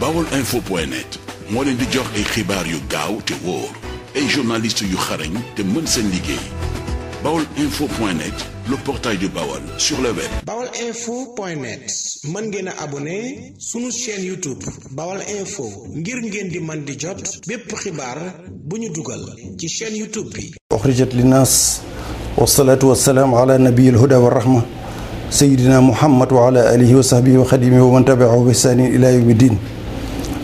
bawol info net moo leen di jox ay xibaar yu gaaw te wóor ay journalistes yu xarañ te mën seen liggéey bawol info point net le portail du Bawol sur mën ngeen a abonné sunu chaîne YouTube Bawol info ngir ngeen di man di jot bépp xibaar bu ñu dugal ci chaîne YouTube bi. uxrijat linnaas wasalaatu wasalaam ala nabiyil huda wa rahma sayyidina muhammad wa ala alihi wa sahbihi wa bi ihsanin ila yawmi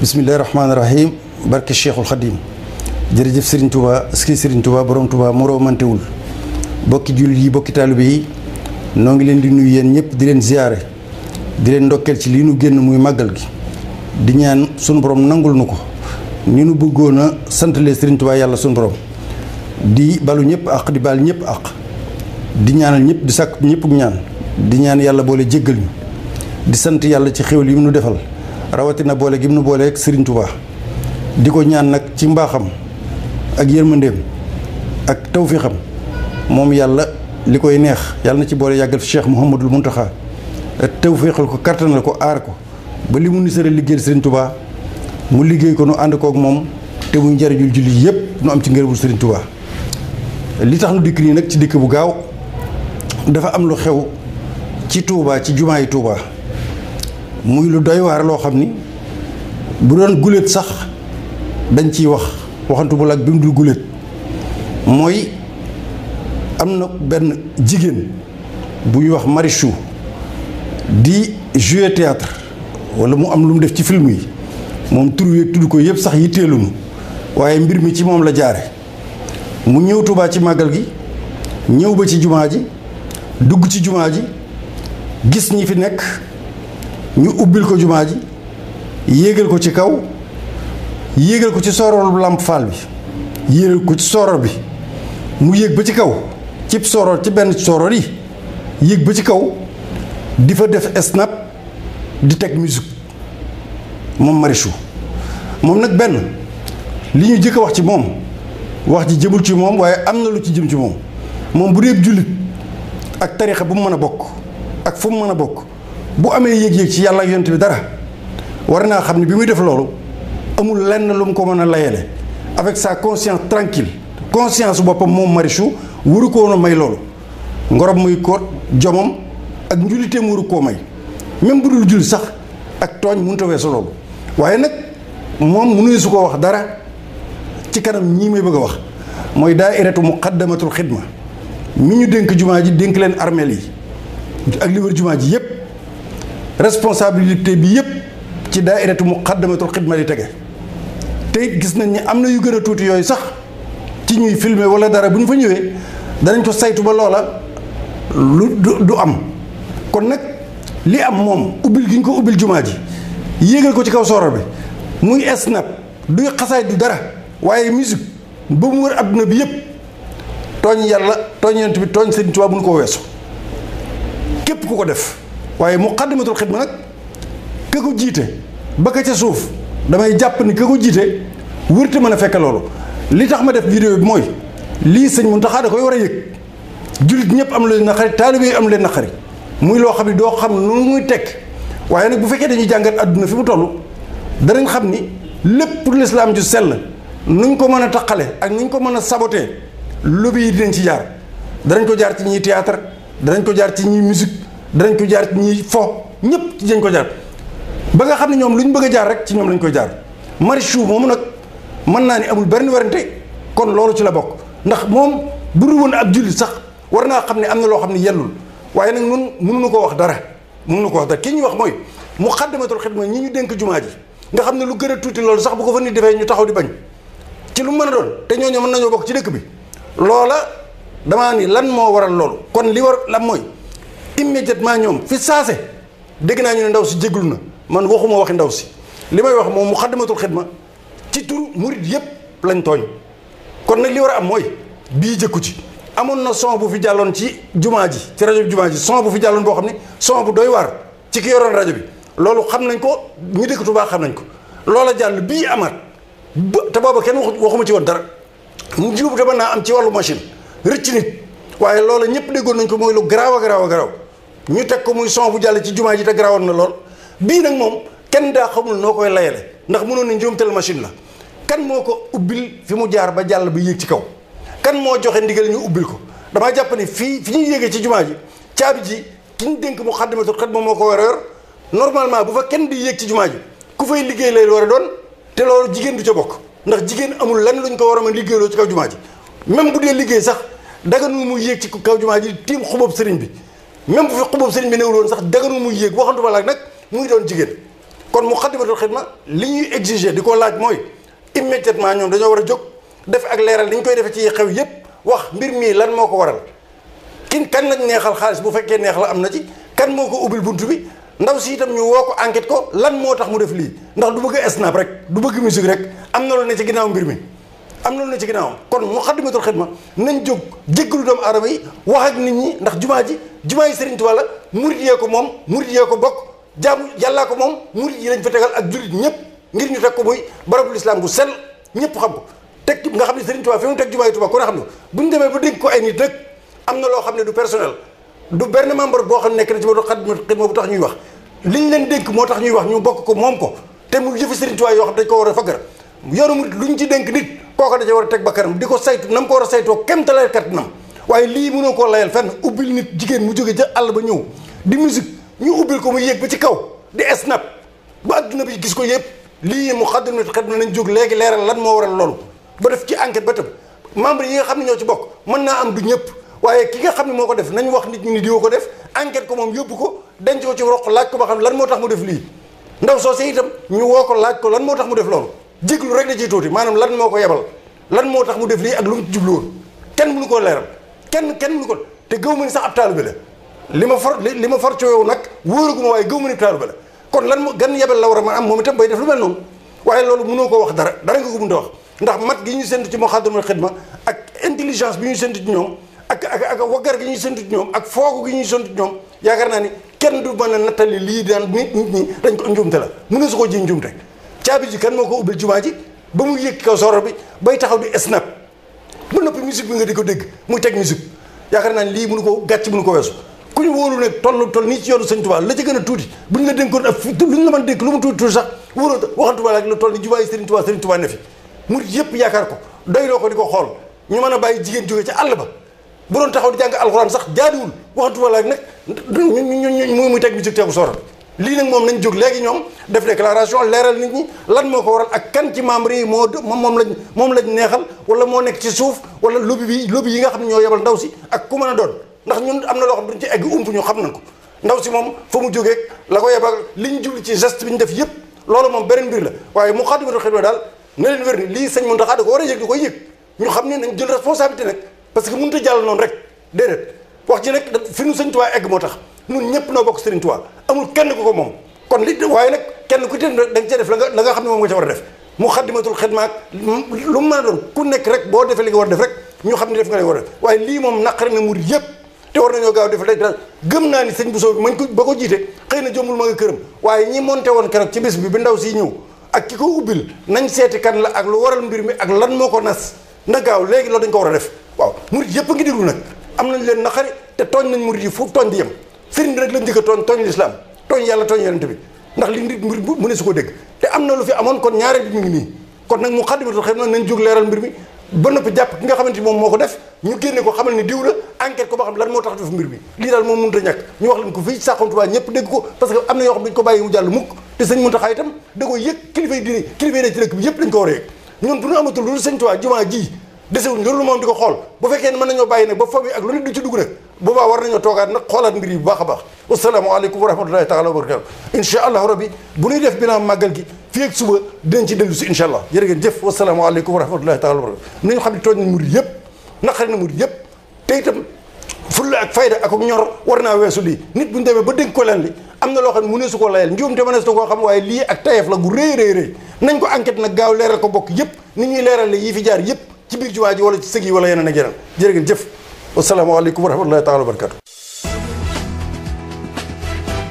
bisimillahi rahmaani rahim barke cheikhul xadim jërëjëf Serigne Touba ski Serigne Touba borom Touba moroo mantewul bokki jullit yi bokki taalibe yi noo ngi leen di nuyu yéen ñëpp di leen ziyaare di leen ndokkeel ci lii nu génn muy màggal gi di ñaan sunu borom nangul nu ko ni nu bëggoon a santalee Serigne Touba yàlla sunu borom di balu ñëpp ak di bal ñëpp ak di ñaanal ñëpp di sàkk ñëpp ñaan di ñaan yàlla boole jéggal ñu di sant yàlla ci xéwal yi mu nu defal rawatina boole gi mu nu booleeg Serigne Touba di ko ñaan nag ci mbaaxam ak yërmandeem ak tawféexam moom yàlla li koy neex yàlla na ci boole yàggal fi Cheikh Mouhamadul Mountakha tawféexal ko kattanal ko aar ko ba li mu nu sëral liggéeyal Serigne Touba mu liggéey ko nu ànd koog moom te muy njariñul julli yëpp nu am ci ngërëmul Serigne Touba li tax nu dikk nii nag ci dikk bu gaaw dafa am lu xew ci tuubaa ci jumaa yi Touba. muy lu doy waar loo xam ni bu doon guléet sax dañ ciy wax waxantu bu laag bi mu dul guléet mooy am na benn jigéen bu wax Marichou di jouer théâtre wala mu am lu mu def ci film yi moom tur yeeg tudd ko yëpp sax yitteelunu waaye mbir mi ci moom la jaare mu ñëw Tuubaa ci màggal gi ñëw ba ci jumaa ji dugg ci jumaa ji gis ñi fi nekk ñu ubbil ko jumaa ji yéegal ko ci kaw yéegal ko ci soorool làmp faal bi yéegal ko ci sooroor bi mu yéeg ba ci kaw cib sooroor ci benn sooroor yi yéeg ba ci kaw di fa def snap di teg musique moom Marichou moom nag benn li ñu jëkk wax ci moom wax ji jëmul ci moom waaye am na lu ci jëm ci moom moom bu dee jullit ak tarixa bu mu mën a bokk ak fu mu mën a bokk bu amee yëg-yëg ci yàlla ak bi dara war naa xam ne bi muy def loolu amul lenn lu mu ko mën a layale avec sa conscience tranquille conscience boppam moom Marichou waru ko a may loolu ngorom muy koot jomam ak njuliteem waru koo may même bu dul sax ak tooñ mënut a weesu loolu waaye nag moom mënuy su ko wax dara ci kanam ñi may bëgg a wax mooy daa daairatu muqaddamatul xidma mu ñu dénk jumaa ji dénk leen armeel yi ak li wër jumaa ji yépp responsabilité bi yëpp ci daairatu muqaddamatul xidma di tege te gis nañ ni am na yu gën a tuuti yooyu sax ci ñuy filmer wala dara bu ñu fa ñëwee danañ ko saytu ba loola lu du am kon nag li am moom ubbil gi ñu ko ubbil jumaa ji yéegal ko ci kaw sooro bi muy snap du xasaay du dara waaye musique ba mu wër adduna bi yëpp tooñ yàlla tooñ yonent bi tooñ seen Tuubaa bu ñu ko weesu képp ku ko def waaye muqaddimatul ma nag ka ko jiite ba ka ca suuf damay jàpp ni ka ko jiite wërte mën a fekk loolu li tax ma def vidéo bi mooy lii sëñ Muntaxa da koy war a yëg jullit ñëpp am leen naqari taalibe yi am leen naqari muy loo xam ne doo xam nu muy tekk waaye nag bu fekkee dañuy jàngat àdduna fi mu toll danañ xam ni lépp lislaam ju sell nuñ ko mën a taqale ak nuñ ko mën a saboté lobby yi dinañ ci jaar danañ ko jaar ci ñuy danañ ko jaar ci ñuy musique danañ ko jaar ci ñiy fo ñëpp ci dañ ko jaar ba nga xam ne ñoom lu ñu bëgg a jaar rek ci ñoom lañ koy jaar Marichou moomu nag mën naa ni amul benn werante kon loolu ci la bokk ndax moom bu dul woon ab jullit sax war naa xam ne am na loo xam ne yellul waaye nag nun mënuñu ko wax dara mënuñu ko wax dara ki ñuy wax mooy mu xaddamatul ma ñi ñu dénk jumaa ji nga xam ne lu gën a tuuti loolu sax bu ko fa nit defee ñu taxaw di bañ ci lu mën a doon te ñooñu mën nañoo bokk ci dëkk bi loola damaa ni lan moo waral loolu kon li war lan mooy immédiatement ñoom fi saase dégg naa ñu ne ndaw si jéglu na man waxuma waxi ndaw si li may wax moom mu xaddamatul xidma ci turu murit yëpp lañ tooñ kon nag li war a am mooy bii jëkku ci amoon na son bu fi jàlloon ci jumaa ji ci rajo bi jumaa ji son bu fi jàlloon boo xam ne son bu doy waar ci ki yoroon rajo bi loolu xam nañ ko ñu dëkk Tuubaa xam nañ ko loola jàll bii amaat ba te booba kenn wax waxuma ci woon dara mu juub dama naa am ci wàllu machine rëcc nit waaye loola ñëpp déggoon nañ ko mooy lu garaaw a garaaw a garaaw ñu teg ko muy son bu jàll ci jumaa ji te garaawoon na lool bii nag moom kenn daa xamul noo koy layale ndax mënoon ni njuumtal machine la kan moo ko ubbil fi mu jaar ba jàll ba yéeg ci kaw kan moo joxe ndigal ñu ubbil ko damaa jàpp ni fii fi ñu yéegee ci jumaa ji caabi ji ki ñu dénk mu xaddimatul xat moom moo ko war a normalement bu fa kenn di yéeg ci jumaa ji ku fay liggéey lay war a doon te loolu jigéen du ca bokk ndax jigéen amul lan luñ ko war a mën liggéeyloo ci kaw jumaa même bu dee liggéey sax daganul mu yéeg ci kaw jumaa ji tiim xubab sëriñ bi même bu fi xubub sëriñ bi newul woon sax dëgënu muy yéeg waxantuma la nag muy doon jigéen kon mu xaddimatul xidma li ñuy exiger di ko laaj mooy immédiatement ñoom dañoo war a jóg defe ak leeral li ñu koy defee ci xew yépp wax mbir mii lan moo ko waral kin kan lañ neexal xaalis bu fekkee neex la am na ci kan moo ko ubbil bunt bi ndaw si itam ñu woo ko enquête ko lan moo tax mu def lii ndax du bëgg snap rek du bëgg musique rek am na lu ne ci ginnaaw mbir mi am na lu ne ci ginnaaw kon mu xaddimatul xidma nañ jóg jéggalu doomu aadama yi wax ak nit ñi ndax jumaa ji jumaa yi Serigne Touba la murid yee ko moom murid yee ko bokk jaamu yàllaa ko moom murid yi lañ fa tegal ak jullit ñëpp ngir ñu teg ko muy barabu lislaam bu sell ñëpp xam ko teg nga xam ne Serigne Touba fi mu teg jumaa yi xam ne ba dégg ko ay na loo xam ne du personnel du benn membre boo xam ne nekk na ci ma doon moo bu tax ñuy wax liñ leen dénk moo tax ñuy wax ñu bokk ko moom ko te mu jëfi Serigne Touba yoo xam dañ ko war a faggar yoonu murid lu ñu ci dénk nit kooka dañu war a teg bakkanam di ko saytu nam ko war a saytoo kémtalaay kattanam waaye lii mënoo koo layal fenn ubbil nit jigéen mu jóge ca àll ba ñëw di musique ñu ubbil ko mu yéeg ba ci kaw di snap ba adduna bi gis ko yëpp lii mu xaddam nit xaddam nañ jóg léegi leeral lan moo waral loolu ba def ci enquête ba tam membre yi nga xam ne ñoo ci bokk mën naa am du ñëpp waaye ki nga xam ne moo ko def nañ wax nit ñi ni diwa ko def enquête ko moom yóbbu ko denc ko ci roq laaj ko ba xam lan moo tax mu def lii ndaw soo see itam ñu woo ko laaj ko lan moo tax mu def loolu jéglu rek la ciy tuuti maanaam lan moo ko yebal lan moo tax mu def lii ak lu mu kenn mënu koo leeral kenn kenn mënu ko te gëw ma ni sax ab taalibe la li ma for li ma for ci yow nag wóoraguma waaye gëw ma ni ab taalibe la kon lan gan yebel la war a mën am moom itam bay def lu mel noonu waaye loolu mënoo ko wax dara dara nga ko mën a wax ndax mat gi ñuy séntu ci Moukhaddamatoul Khidma ak intelligence bi ñuy séntu ci ñoom ak ak ak waggar gi ñuy séntu ci ñoom ak foogu gi ñuy séntu ci ñoom yaakaar naa ni kenn du man a nattali lii daan nit nit ñi dañ ko njuumte la mënoo su ko ji njuumte caabi ji kan moo ko ubbil ji ba mu yëkk kaw soro bi bay taxaw di snap ba noppi musique bi nga di ko dégg muy teg musique yaakaar naa ne lii mënu ko gàcc mënu ko weesu ku ñu wóolu nag toll toll nii ci yoonu Sëñ Tuubaa la ci gën a tuuti bu ñu la dénkoon ak lu ñu la mën dénk lu mu tuuti tuuti sax wóoroo waxantuma la ak la ne fi murit yëpp yaakaar ko doyloo ko xool ñu mën a bàyyi jigéen jóge ci àll ba bu doon taxaw di jàng alxuraan sax jaaduwul waxantuma la ak nag muy muy teg musique teegu sooral lii nag moom nañ jóg léegi ñoom def déclaration leeral nit ñi lan moo ko waral ak kan ci membre yi moo moom lañ moom lañ neexal wala moo nekk ci suuf wala lobby bi lobby yi nga xam ne ñoo yebal ndaw si ak ku mën a doon ndax ñun am na loo xam duñ ci egg ump ñu xam nañ ko ndaw moom fa mu jógee la ko yebal li ñu jubli ci geste bi ñu def yëpp loolu moom beneen mbir la waaye mu xaadimatul xidma daal na leen wér ni lii sëñ Muntaxa da ko war a yëg di koy ñu xam ne nañ jël responsabilité nag parce que mënut a jàll noonu rek déedéet wax ji nag fi nu sëñ Tuubaa egg moo tax ñun ñëpp noo bokk sëriñ Tuubaa amul kenn ko ko moom kon li waaye nag kenn ku te da nga cee def la nga nga xam ne moom nga ca war a def mu xaddimatul xidma ak lu mu mën a doon ku nekk rek boo defee nga war def rek ñu xam ne def nga li waaye lii moom naqari na mur yëpp te war nañoo gaaw def lay daal gëm naa ni sëñ Bousso bi mañ ko ba ko xëy na jombul ma nga waaye ñi monté woon keroog ci bis bi bi ndaw si ñëw ak ki ko ubbil nañ seeti kan la ak lu waral mbir mi ak lan moo ko nas na gaaw léegi loolu dañ ko war a def waaw murid yëpp a ngi déglu nag am nañ leen naqari te tooñ nañ murid yi foofu tooñ di yem sëriñ bi rek la njëkk a tooñ tooñ lislaam tooñ yàlla tooñ yonent bi ndax li nit mbir mu ne su ko dégg te am na lu fi amoon kon ñaare bi mu ngi nii kon nag mu xaddimatul xëy na nañ jóg mi ba noppi moom moo ko def ñu génne ko xamal ni diw la enquête bi yëpp dañ a yëg ñun bu ñu amatul loolu sëñ Touba jumaa ji desewuñ loolu moom di ko xool bu fekkee ne mën nañoo bàyyi nag ba fob yi ak lu nit dugg nag boobaa war nañoo toogaat nag xoolaat mbir yi bu baax a baax asalaamaaleykum wa rahmatulahi taala wa barakatu incha allahu rabbi bu ñuy def bilan màggal gi fii ak suba dinañ ci dellu si incha allah jërë ngeen jëf wasalaamaaleykum wa rahmatulahi taala wa barakatu nañu xam ne tooñ na na murid yëpp te itam fulla ak fayda ak ñor war naa weesu lii nit bu ñu demee ba dégg ko leen li na loo xam ne ko layal njuum te mënees na waaye lii ak tayef la gu rëy rëy nañ ko enquête nag gaaw leeral ko bokk yëpp nit ñuy leeral li yi fi jaar yëpp ci biir jumaa ji wala ci sëg yi wala yeneen ak yeneen jërë ngeen jëf wasalaamaaleykum wa rahmatulahi taala wa barakaatu.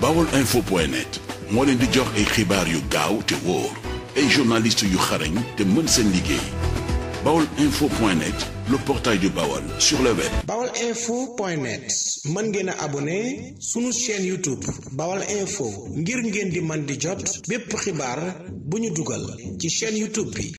bawol info net moo leen di jox ay xibaar yu gaaw te wóor ay journalistes yu xarañ te mën seen liggéey bawol info point net le portail du Bawol sur le web. bawol info net mën ngeen a abonné sunu chaîne YouTube bawol info ngir ngeen di mën di jot bépp xibaar bu ñu dugal ci chaîne YouTube bi.